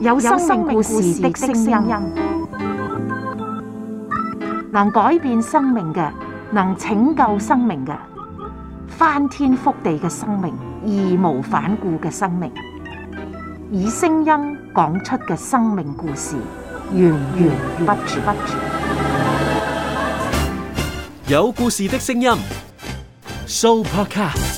有生命故事的聲音，能改變生命嘅，能拯救生命嘅，翻天覆地嘅生命，義無反顧嘅生命，以聲音講出嘅生命故事，源源不絕。有故事的聲音，Soupercast。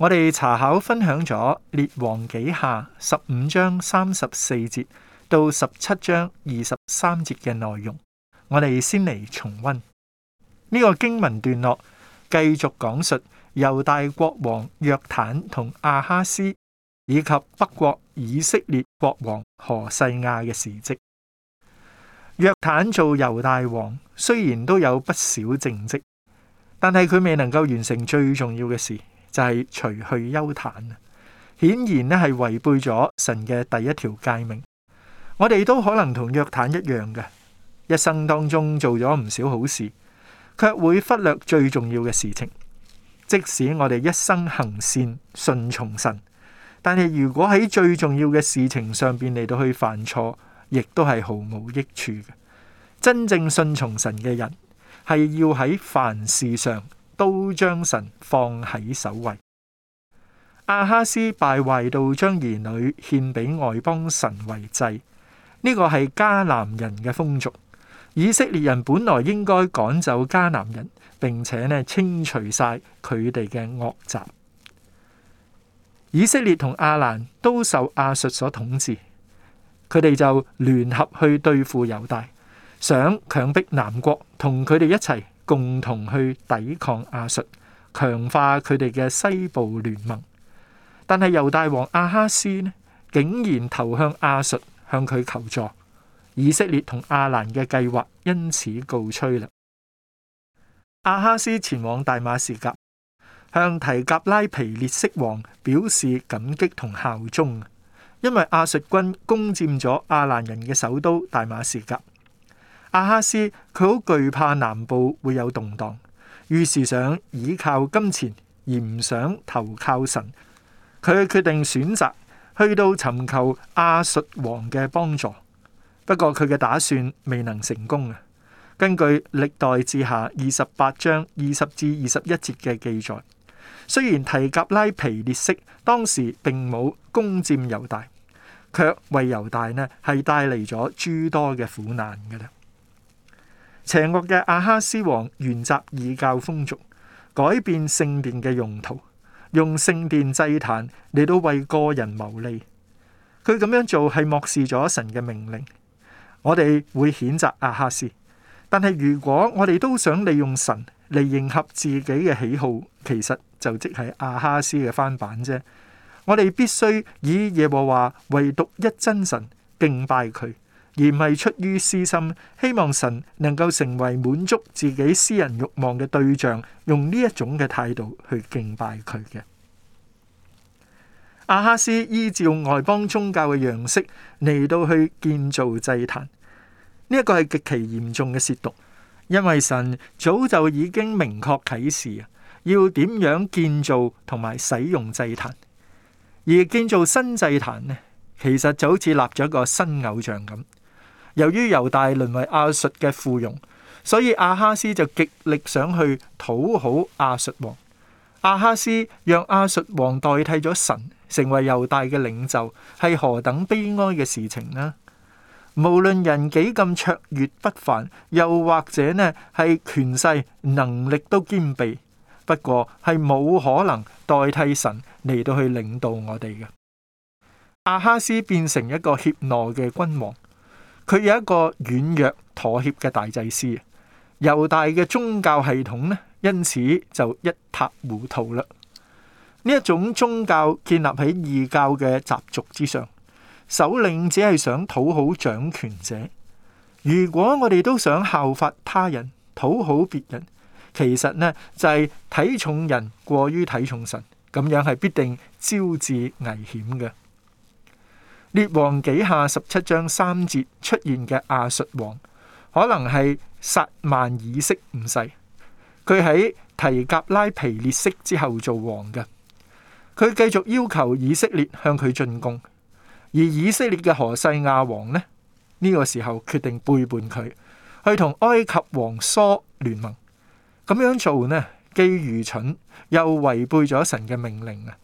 我哋查考分享咗《列王紀下》十五章三十四節到十七章二十三節嘅內容。我哋先嚟重温呢、這個經文段落，繼續講述猶大國王約坦同亞哈斯以及北國以色列國王何細亞嘅事迹。約坦做猶大王雖然都有不少政績，但係佢未能夠完成最重要嘅事。就係除去休坦，顯然咧係違背咗神嘅第一條誡命。我哋都可能同約坦一樣嘅，一生當中做咗唔少好事，卻會忽略最重要嘅事情。即使我哋一生行善，順從神，但係如果喺最重要嘅事情上邊嚟到去犯錯，亦都係毫無益處嘅。真正順從神嘅人，係要喺凡事上。都將神放喺首位。亞哈斯敗壞到將兒女獻俾外邦神為祭，呢個係迦南人嘅風俗。以色列人本來應該趕走迦南人，並且呢清除晒佢哋嘅惡習。以色列同亞蘭都受亞述所統治，佢哋就聯合去對付猶大，想強迫南國同佢哋一齊。共同去抵抗亞述，強化佢哋嘅西部聯盟。但係猶大王阿哈斯呢，竟然投向亞述，向佢求助。以色列同亞蘭嘅計劃因此告吹啦。阿哈斯前往大馬士革，向提革拉皮列色王表示感激同效忠，因為亞述軍攻佔咗亞蘭人嘅首都大馬士革。阿哈斯佢好懼怕南部會有動蕩，於是想倚靠金錢而唔想投靠神。佢決定選擇去到尋求亞述王嘅幫助，不過佢嘅打算未能成功啊。根據歷代志下二十八章二十至二十一節嘅記載，雖然提格拉皮列色當時並冇攻佔猶大，卻為猶大呢係帶嚟咗諸多嘅苦難噶啦。邪惡嘅阿哈斯王原習異教風俗，改變聖殿嘅用途，用聖殿祭壇嚟到為個人牟利。佢咁樣做係漠視咗神嘅命令，我哋會譴責阿哈斯。但係如果我哋都想利用神嚟迎合自己嘅喜好，其實就即係阿哈斯嘅翻版啫。我哋必須以耶和華為獨一真神，敬拜佢。而唔係出於私心，希望神能夠成為滿足自己私人欲望嘅對象，用呢一種嘅態度去敬拜佢嘅。亞哈斯依照外邦宗教嘅樣式嚟到去建造祭壇，呢一個係極其嚴重嘅褻瀆，因為神早就已經明確啟示啊，要點樣建造同埋使用祭壇，而建造新祭壇呢，其實就好似立咗個新偶像咁。由於猶大淪為亞述嘅附庸，所以亞哈斯就極力想去討好亞述王。亞哈斯讓亞述王代替咗神成為猶大嘅領袖，係何等悲哀嘅事情呢？無論人幾咁卓越不凡，又或者呢係權勢能力都兼備，不過係冇可能代替神嚟到去領導我哋嘅。亞哈斯變成一個怯懦嘅君王。佢有一個軟弱妥協嘅大祭司，猶大嘅宗教系統咧，因此就一塌糊塗啦。呢一種宗教建立喺異教嘅習俗之上，首領只係想討好掌權者。如果我哋都想效法他人，討好別人，其實呢就係睇重人過於睇重神，咁樣係必定招致危險嘅。列王記下十七章三節出現嘅亞述王，可能係撒縵以色五世，佢喺提格拉皮列色之後做王嘅。佢繼續要求以色列向佢進攻，而以色列嘅何西亞王呢？呢、呢個時候決定背叛佢，去同埃及王梭聯盟。咁樣做呢，既愚蠢又違背咗神嘅命令啊！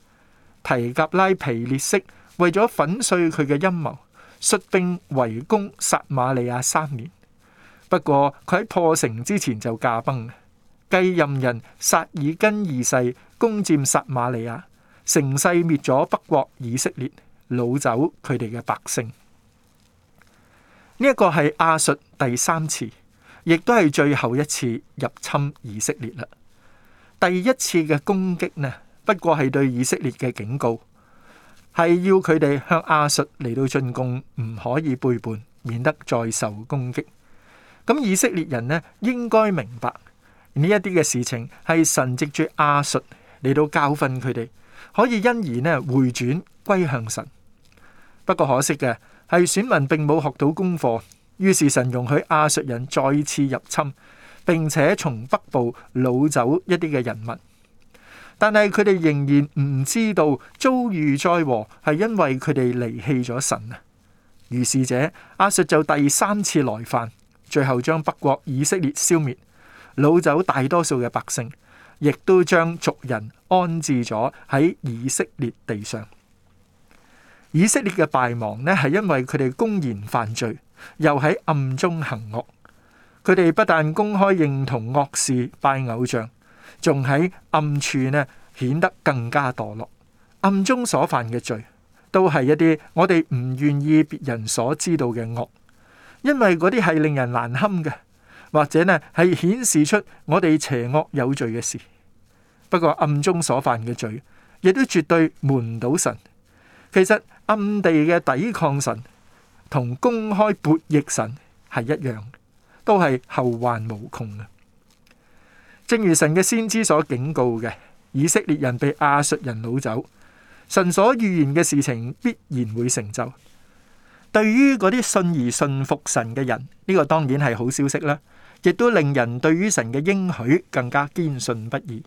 提格拉皮列色。為咗粉碎佢嘅陰謀，率兵圍攻撒馬利亞三年。不過佢喺破城之前就駕崩，繼任人撒爾根二世攻佔撒馬利亞，乘勢滅咗北國以色列，擄走佢哋嘅百姓。呢、這、一個係亞述第三次，亦都係最後一次入侵以色列啦。第一次嘅攻擊呢，不過係對以色列嘅警告。係要佢哋向亞述嚟到進貢，唔可以背叛，免得再受攻擊。咁以色列人呢，應該明白呢一啲嘅事情係神藉住亞述嚟到教訓佢哋，可以因而呢回轉歸向神。不過可惜嘅係選民並冇學到功課，於是神容許亞述人再次入侵，並且從北部擄走一啲嘅人物。但係佢哋仍然唔知道遭遇災禍係因為佢哋離棄咗神啊！於是者，亞述就第三次來犯，最後將北國以色列消滅，擄走大多數嘅百姓，亦都將族人安置咗喺以色列地上。以色列嘅敗亡呢，係因為佢哋公然犯罪，又喺暗中行惡。佢哋不但公開認同惡事，拜偶像。仲喺暗處咧，顯得更加墮落。暗中所犯嘅罪，都係一啲我哋唔願意別人所知道嘅惡，因為嗰啲係令人難堪嘅，或者咧係顯示出我哋邪惡有罪嘅事。不過暗中所犯嘅罪，亦都絕對瞞唔到神。其實暗地嘅抵抗神，同公開悖逆神係一樣，都係後患無窮嘅。正如神嘅先知所警告嘅，以色列人被亞述人擄走。神所預言嘅事情必然會成就。對於嗰啲信而信服神嘅人，呢個當然係好消息啦，亦都令人對於神嘅應許更加堅信不疑。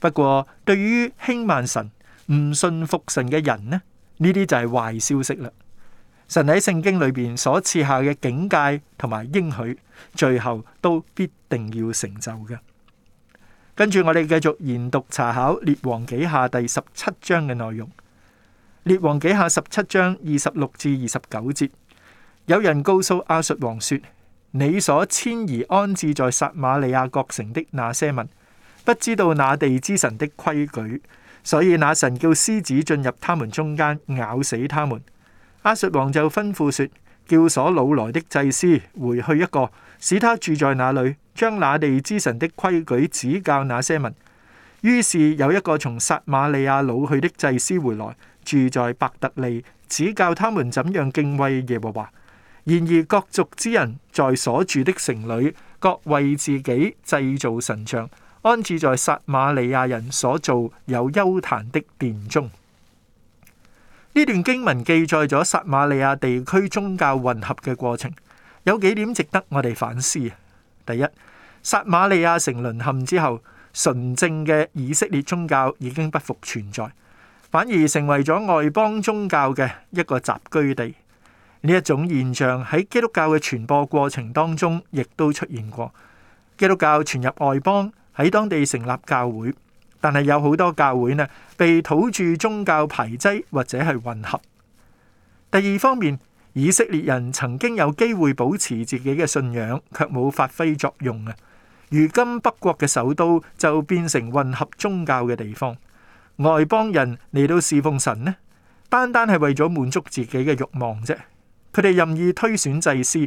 不過，對於輕慢神、唔信服神嘅人呢？呢啲就係壞消息啦。神喺聖經裏邊所設下嘅警戒同埋應許，最後都必定要成就㗎。跟住我哋繼續研讀查考《列王紀下》第十七章嘅內容，《列王紀下》十七章二十六至二十九節，有人告訴亞述王說：你所遷移安置在撒瑪利亞各城的那些民，不知道那地之神的規矩，所以那神叫獅子進入他們中間咬死他們。亞述王就吩咐說：叫所擄來的祭司回去一個，使他住在那裏。將那地之神的規矩指教那些民。於是有一個從撒瑪利亞擄去的祭司回來，住在伯特利，指教他們怎樣敬畏耶和華。然而各族之人在所住的城裏，各為自己製造神像，安置在撒瑪利亞人所造有丘壇的殿中。呢段經文記載咗撒瑪利亞地區宗教混合嘅過程，有幾點值得我哋反思。第一，撒瑪利亞城淪陷之後，純正嘅以色列宗教已經不復存在，反而成為咗外邦宗教嘅一個集居地。呢一種現象喺基督教嘅傳播過程當中，亦都出現過。基督教傳入外邦，喺當地成立教會，但係有好多教會呢被土著宗教排擠或者係混合。第二方面。以色列人曾經有機會保持自己嘅信仰，卻冇發揮作用啊！如今北國嘅首都就變成混合宗教嘅地方，外邦人嚟到侍奉神呢？單單係為咗滿足自己嘅慾望啫！佢哋任意推選祭司，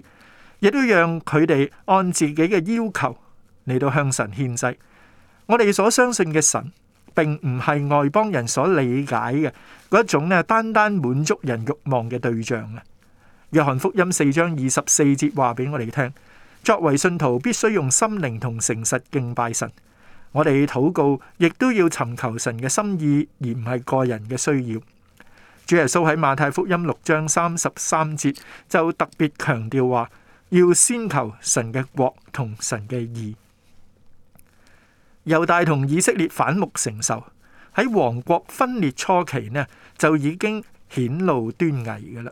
亦都讓佢哋按自己嘅要求嚟到向神獻祭。我哋所相信嘅神，並唔係外邦人所理解嘅嗰一種，單單滿足人慾望嘅對象啊！約翰福音四章二十四節話俾我哋聽，作為信徒必須用心靈同誠實敬拜神。我哋禱告亦都要尋求神嘅心意，而唔係個人嘅需要。主耶穌喺馬太福音六章三十三節就特別強調話，要先求神嘅國同神嘅義。猶大同以色列反目成仇，喺王國分裂初期呢就已經顯露端倪㗎喇。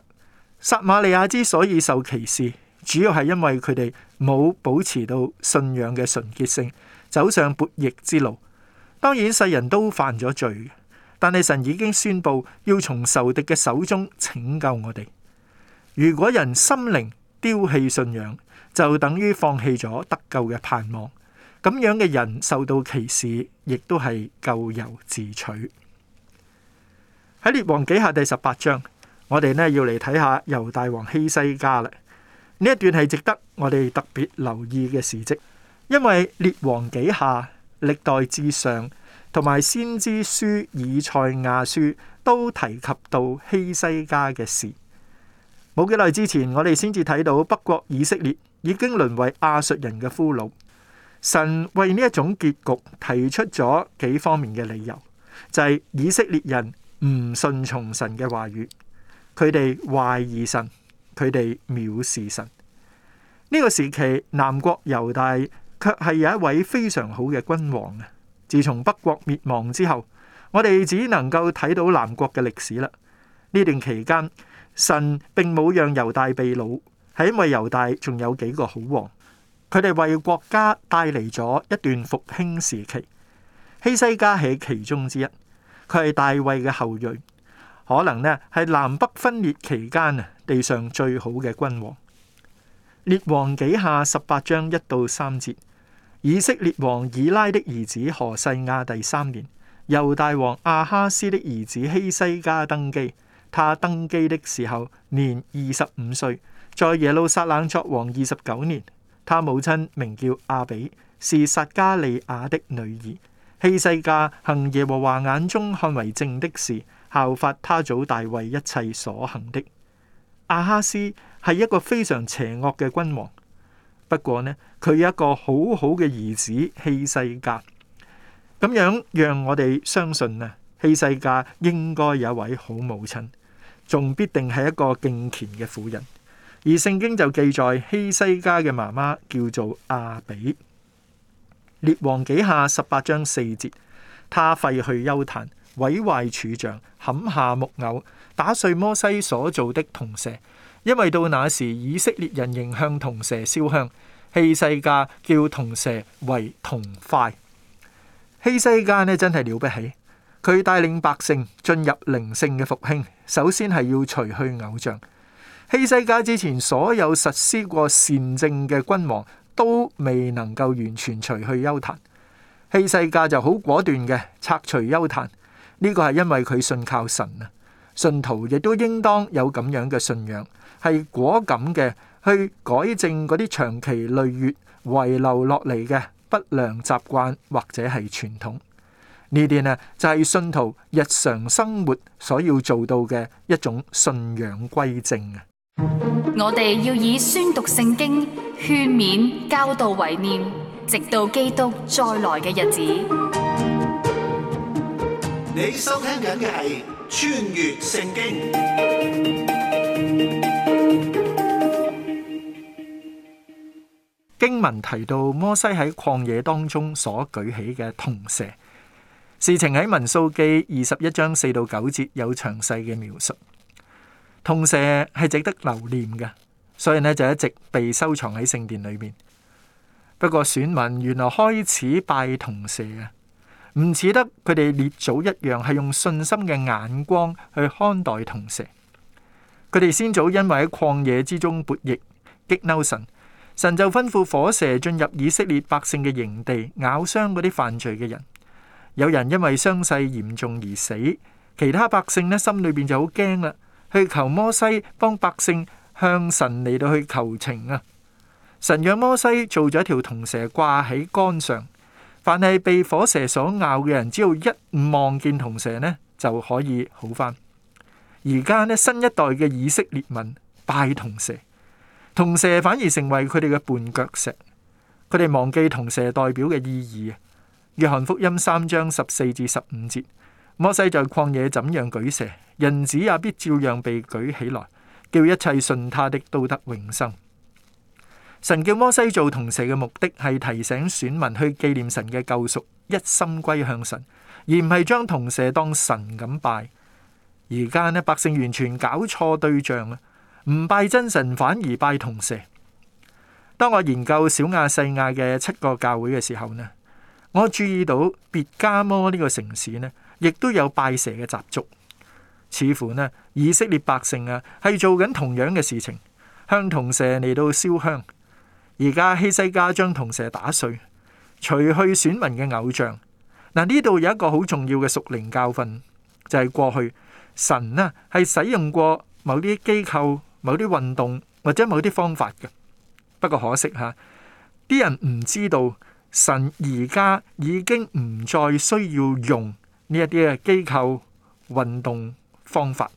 撒瑪利亞之所以受歧視，主要係因為佢哋冇保持到信仰嘅純潔性，走上悖逆之路。當然世人都犯咗罪，但係神已經宣佈要從仇敵嘅手中拯救我哋。如果人心靈丟棄信仰，就等於放棄咗得救嘅盼望。咁樣嘅人受到歧視，亦都係咎由自取。喺列王紀下第十八章。我哋呢要嚟睇下猶大王希西家啦，呢一段係值得我哋特別留意嘅事跡，因為列王紀下、歷代志上同埋先知書以賽亞書都提及到希西家嘅事。冇幾耐之前，我哋先至睇到北國以色列已經淪為亞述人嘅俘虜。神為呢一種結局提出咗幾方面嘅理由，就係、是、以色列人唔信從神嘅話語。佢哋懷疑神，佢哋藐視神。呢、這個時期，南國猶大卻係有一位非常好嘅君王啊！自從北國滅亡之後，我哋只能夠睇到南國嘅歷史啦。呢段期間，神並冇讓猶大被擄，係因為猶大仲有幾個好王，佢哋為國家帶嚟咗一段復興時期。希西家係其中之一，佢係大衛嘅後裔。可能呢，係南北分裂期間地上最好嘅君王。列王紀下十八章一到三節。以色列王以拉的兒子何細亞第三年，猶大王亞哈斯的兒子希西家登基。他登基的時候年二十五歲，在耶路撒冷作王二十九年。他母親名叫亞比，是撒迦利亞的女兒。希西家行耶和華眼中看為正的事。效法他祖大衛一切所行的。亞哈斯係一個非常邪惡嘅君王。不過呢，佢有一個好好嘅兒子希西家。咁樣讓我哋相信啊，希西家應該有一位好母親，仲必定係一個敬虔嘅婦人。而聖經就記載希西家嘅媽媽叫做亞比。列王紀下十八章四節，他廢去邱壇。毀壞柱像，砍下木偶，打碎摩西所造的銅蛇，因為到那時以色列人仍向銅蛇燒香。希西家叫銅蛇為銅塊。希西家咧真係了不起，佢帶領百姓進入靈性嘅復興。首先係要除去偶像。希西家之前所有實施過善政嘅君王都未能夠完全除去邱壇。希西家就好果斷嘅拆除邱壇。呢個係因為佢信靠神啊，信徒亦都應當有咁樣嘅信仰，係果敢嘅去改正嗰啲長期累月遺留落嚟嘅不良習慣或者係傳統。呢啲呢就係信徒日常生活所要做到嘅一種信仰歸正啊！我哋要以宣讀聖經、勸勉、教導為念，直到基督再來嘅日子。你收聽緊嘅係穿越聖經。經文提到摩西喺曠野當中所舉起嘅銅蛇，事情喺民數記二十一章四到九節有詳細嘅描述。銅蛇係值得留念嘅，所以呢就一直被收藏喺聖殿裏面。不過選民原來開始拜銅蛇啊！唔似得佢哋列祖一樣係用信心嘅眼光去看待銅蛇。佢哋先祖因為喺曠野之中悖逆，激嬲神，神就吩咐火蛇進入以色列百姓嘅營地咬傷嗰啲犯罪嘅人。有人因為傷勢嚴重而死，其他百姓呢，心裏邊就好驚啦，去求摩西幫百姓向神嚟到去求情啊！神讓摩西做咗一條銅蛇掛喺桿上。凡係被火蛇所咬嘅人，只要一望見銅蛇呢，就可以好返。而家呢，新一代嘅以色列民拜銅蛇，銅蛇反而成為佢哋嘅絆腳石。佢哋忘記銅蛇代表嘅意義。約翰福音三章十四至十五節，摩西在曠野怎樣舉蛇，人子也必照樣被舉起來，叫一切信他的都得永生。神叫摩西做銅蛇嘅目的係提醒選民去紀念神嘅救贖，一心歸向神，而唔係將銅蛇當神咁拜。而家呢百姓完全搞錯對象啊，唔拜真神，反而拜銅蛇。當我研究小亞細亞嘅七個教會嘅時候呢，我注意到別加摩呢個城市呢，亦都有拜蛇嘅習俗，似乎呢以色列百姓啊係做緊同樣嘅事情，向銅蛇嚟到燒香。而家希西家將銅蛇打碎，除去選民嘅偶像。嗱，呢度有一個好重要嘅屬靈教訓，就係、是、過去神呢係使用過某啲機構、某啲運動或者某啲方法嘅。不過可惜吓，啲人唔知道神而家已經唔再需要用呢一啲嘅機構、運動、方法，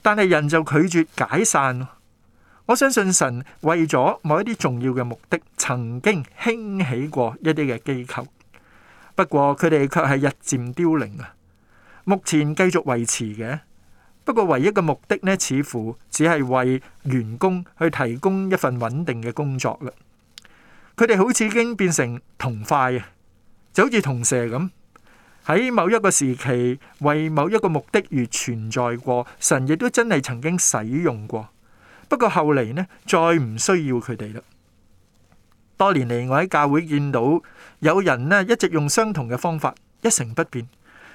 但係人就拒絕解散。我相信神為咗某一啲重要嘅目的，曾經興起過一啲嘅機構，不過佢哋卻係日漸凋零啊！目前繼續維持嘅，不過唯一嘅目的呢，似乎只係為員工去提供一份穩定嘅工作啦。佢哋好似已經變成銅塊啊，就好似銅蛇咁，喺某一個時期為某一個目的而存在過，神亦都真係曾經使用過。不過後嚟呢，再唔需要佢哋啦。多年嚟，我喺教會見到有人呢，一直用相同嘅方法，一成不變。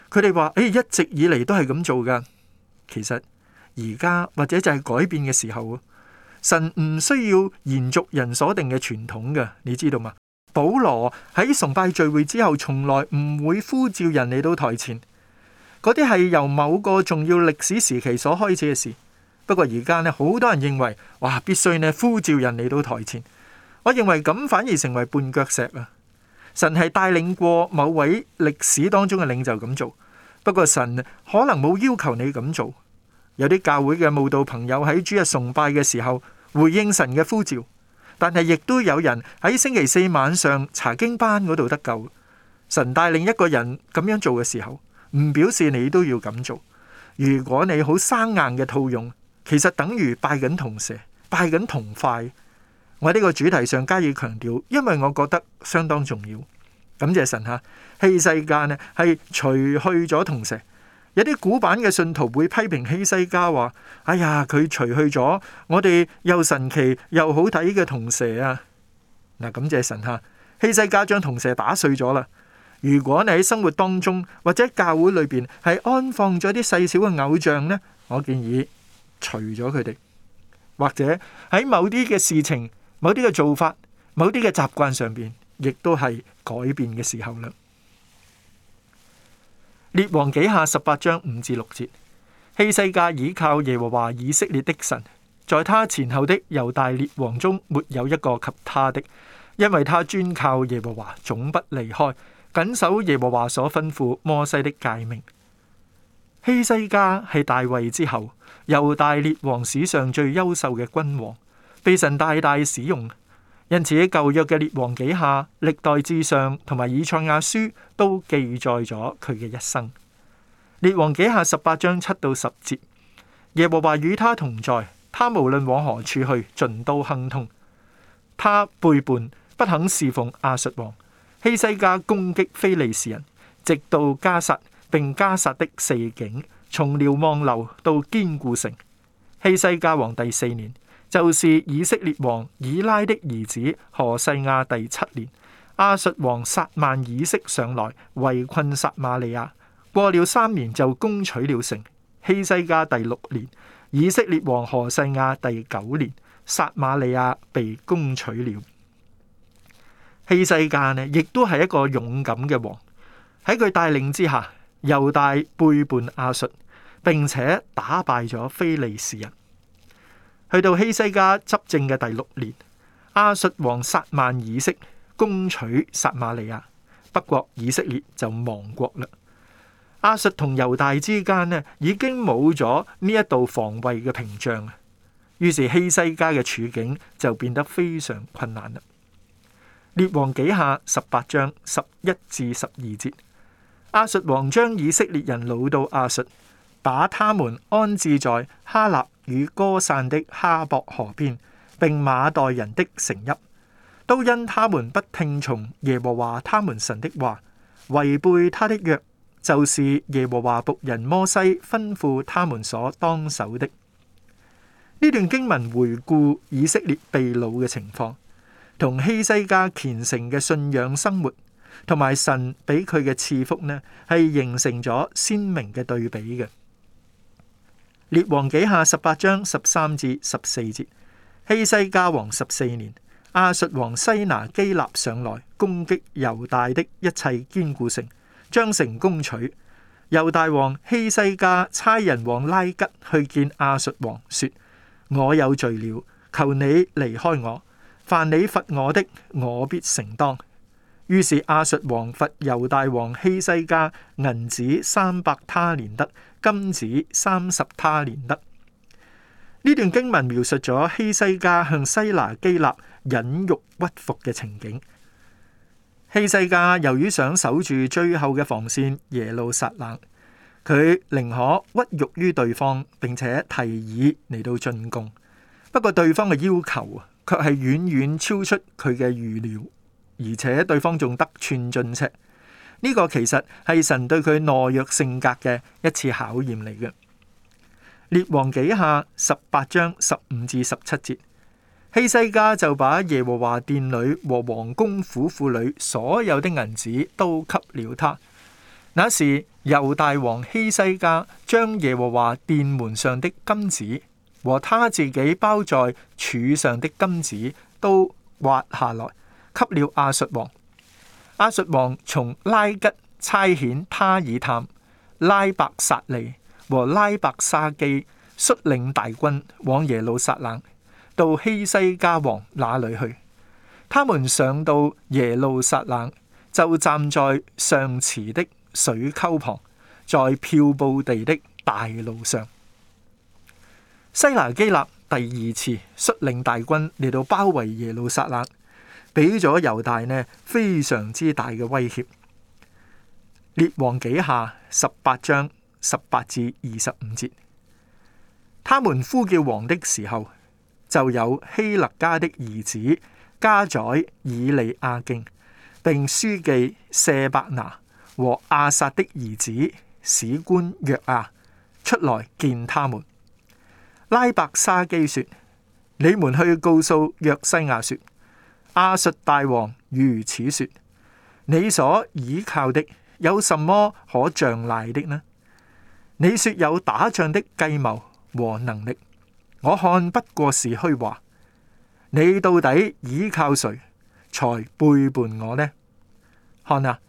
佢哋話：誒、哎，一直以嚟都係咁做噶。其實而家或者就係改變嘅時候，神唔需要延續人所定嘅傳統噶，你知道嘛？保羅喺崇拜聚會之後，從來唔會呼召人嚟到台前。嗰啲係由某個重要歷史時期所開始嘅事。不過而家咧，好多人認為哇，必須呢，呼召人嚟到台前。我認為咁反而成為絆腳石啊！神係帶領過某位歷史當中嘅領袖咁做，不過神可能冇要求你咁做。有啲教會嘅慕道朋友喺主日崇拜嘅時候回應神嘅呼召，但係亦都有人喺星期四晚上查經班嗰度得救。神帶領一個人咁樣做嘅時候，唔表示你都要咁做。如果你好生硬嘅套用，其實等於拜緊銅蛇，拜緊銅塊。我喺呢個主題上加以強調，因為我覺得相當重要。感謝神吓，希西家呢係除去咗銅蛇。有啲古板嘅信徒會批評希西家話：哎呀，佢除去咗我哋又神奇又好睇嘅銅蛇啊！嗱，感謝神吓，希西家將銅蛇打碎咗啦。如果你喺生活當中或者教會裏邊係安放咗啲細小嘅偶像呢，我建議。除咗佢哋，或者喺某啲嘅事情、某啲嘅做法、某啲嘅習慣上邊，亦都係改變嘅時候啦。列王紀下十八章五至六節，希西家倚靠耶和華以色列的神，在他前後的猶大列王中，沒有一個及他的，因為他專靠耶和華，總不離開，謹守耶和華所吩咐摩西的誡命。希西家係大衛之後。猶大列王史上最優秀嘅君王，被神大大使用，因此喺舊約嘅列王記下、歷代志上同埋以賽亞書都記載咗佢嘅一生。列王記下十八章七到十節，耶和華與他同在，他無論往何處去，盡都亨通。他背叛，不肯侍奉亞述王。希西家攻擊非利士人，直到迦薩並迦薩的四境，從瞭望樓到堅固城，希西家王第四年，就是以色列王以拉的兒子何西亞第七年，亞述王薩曼以色上來圍困撒馬利亞，過了三年就攻取了城。希西家第六年，以色列王何西亞第九年，撒馬利亞被攻取了。希西家呢，亦都係一個勇敢嘅王，喺佢帶領之下。猶大背叛亞述，並且打敗咗非利士人。去到希西家執政嘅第六年，亞述王撒曼以色攻取撒馬利亞，不過以色列就亡國啦。亞述同猶大之間呢，已經冇咗呢一道防衛嘅屏障啊！於是希西家嘅處境就變得非常困難啦。列王紀下十八章十一至十二節。亞述王將以色列人擄到亞述，把他們安置在哈納與歌散的哈博河邊，並馬代人的城邑，都因他們不聽從耶和華他們神的話，違背他的約，就是耶和華僕人摩西吩咐他們所當守的。呢段經文回顧以色列被擄嘅情況，同希西家虔誠嘅信仰生活。同埋神俾佢嘅賜福呢，係形成咗鮮明嘅對比嘅。列王記下十八章十三至十四節，希西家王十四年，亞述王西拿基立上來攻擊猶大的一切堅固城，將城攻取。猶大王希西家差人王拉吉去見亞述王，說：我有罪了，求你離開我。凡你罰我的，我必承當。於是亞述王罰猶大王希西家銀子三百他連得，金子三十他連得。呢段經文描述咗希西家向西拿基立忍辱屈服嘅情景。希西家由於想守住最後嘅防線耶路撒冷，佢寧可屈辱於對方，並且提議嚟到進攻。不過對方嘅要求啊，卻係遠遠超出佢嘅預料。而且對方仲得寸進尺，呢、這個其實係神對佢懦弱性格嘅一次考驗嚟嘅。列王記下十八章十五至十七節，希西家就把耶和華殿裏和王宮府庫裏所有的銀子都給了他。那時猶大王希西家將耶和華殿門上的金子和他自己包在柱上的金子都挖下來。給了亞述王。亞述王從拉吉、差遣他爾探、拉伯撒利和拉伯沙基率領大軍往耶路撒冷到希西家王那裏去。他們上到耶路撒冷，就站在上池的水溝旁，在漂布地的大路上。西拿基立第二次率領大軍嚟到包圍耶路撒冷。俾咗猶大呢非常之大嘅威脅。列王記下十八章十八至二十五節，他們呼叫王的時候，就有希勒家的兒子家宰以利亞敬，並書記舍伯拿和亞薩的兒子史官約亞出來見他們。拉伯沙基說：你們去告訴約西亞說。亞述大王如此說：你所倚靠的有什麼可仗賴的呢？你說有打仗的計謀和能力，我看不過是虛話。你到底倚靠誰才背叛我呢？看啊，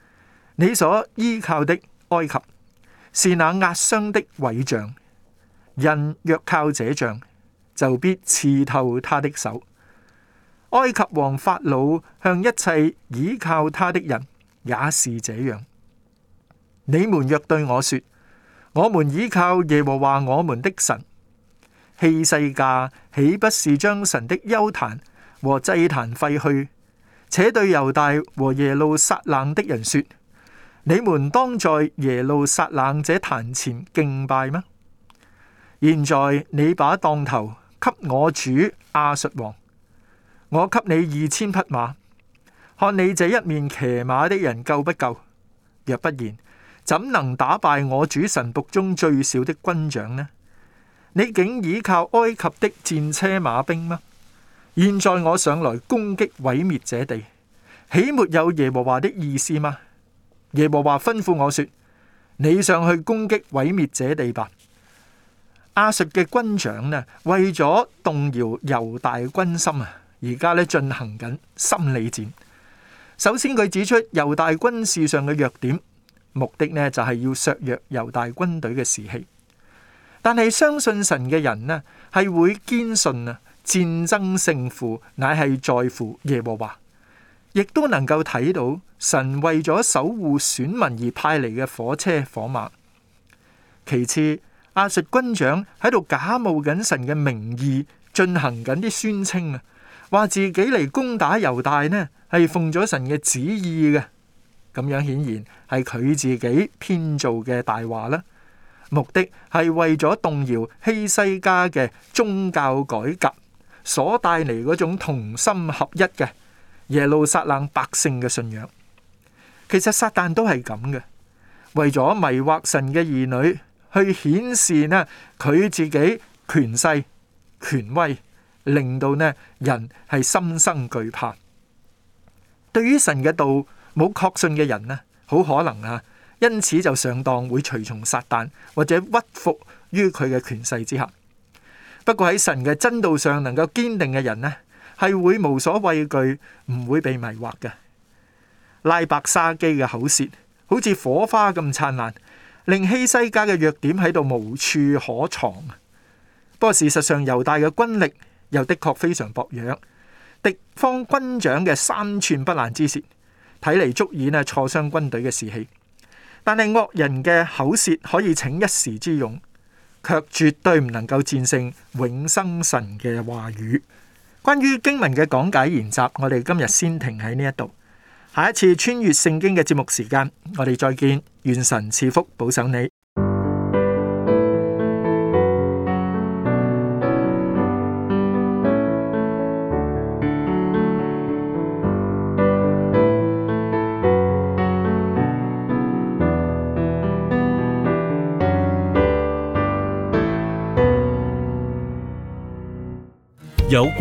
你所依靠的埃及是那壓傷的偉像。人若靠這像，就必刺透他的手。埃及王法老向一切倚靠他的人也是這樣。你們若對我說，我們倚靠耶和華我們的神，希西家，豈不是將神的丘壇和祭壇廢去？且對猶大和耶路撒冷的人說，你們當在耶路撒冷這壇前敬拜嗎？現在你把當頭給我主亞述王。我給你二千匹馬，看你這一面騎馬的人夠不夠？若不然，怎能打敗我主神僕中最小的軍長呢？你竟倚靠埃及的戰車馬兵嗎？現在我上來攻擊毀滅這地，豈沒有耶和華的意思嗎？耶和華吩咐我說：你上去攻擊毀滅這地吧。亞述嘅軍長呢，為咗動搖猶大軍心啊！而家咧進行緊心理戰。首先，佢指出猶大軍事上嘅弱點，目的呢就係要削弱猶大軍隊嘅士氣。但係相信神嘅人呢係會堅信啊，戰爭勝負乃係在乎耶和華，亦都能夠睇到神為咗守護選民而派嚟嘅火車火馬。其次，阿術軍長喺度假冒緊神嘅名義進行緊啲宣稱啊。話自己嚟攻打猶大呢，係奉咗神嘅旨意嘅，咁樣顯然係佢自己編造嘅大話啦。目的係為咗動搖希西家嘅宗教改革所帶嚟嗰種同心合一嘅耶路撒冷百姓嘅信仰。其實撒旦都係咁嘅，為咗迷惑神嘅兒女，去顯示呢佢自己權勢、權威。令到呢人係心生懼怕，對於神嘅道冇確信嘅人呢，好可能啊，因此就上當，會隨從撒旦，或者屈服於佢嘅權勢之下。不過喺神嘅真道上能夠堅定嘅人呢，係會無所畏懼，唔會被迷惑嘅。拉白沙基嘅口舌好似火花咁燦爛，令希西家嘅弱點喺度無處可藏。不過事實上，猶大嘅軍力。又的確非常薄弱，敵方軍長嘅三寸不爛之舌，睇嚟足以呢挫傷軍隊嘅士氣。但係惡人嘅口舌可以逞一時之勇，卻絕對唔能夠戰勝永生神嘅話語。關於經文嘅講解研習，我哋今日先停喺呢一度。下一次穿越聖經嘅節目時間，我哋再見，願神賜福保守你。